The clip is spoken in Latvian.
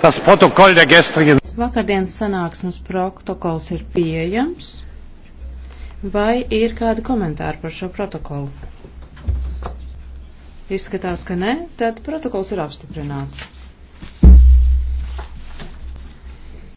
Tas protokoll der gestrigen. Vakardienas sanāksmes protokols ir pieejams. Vai ir kādi komentāri par šo protokolu? Izskatās, ka nē, tad protokols ir apstiprināts.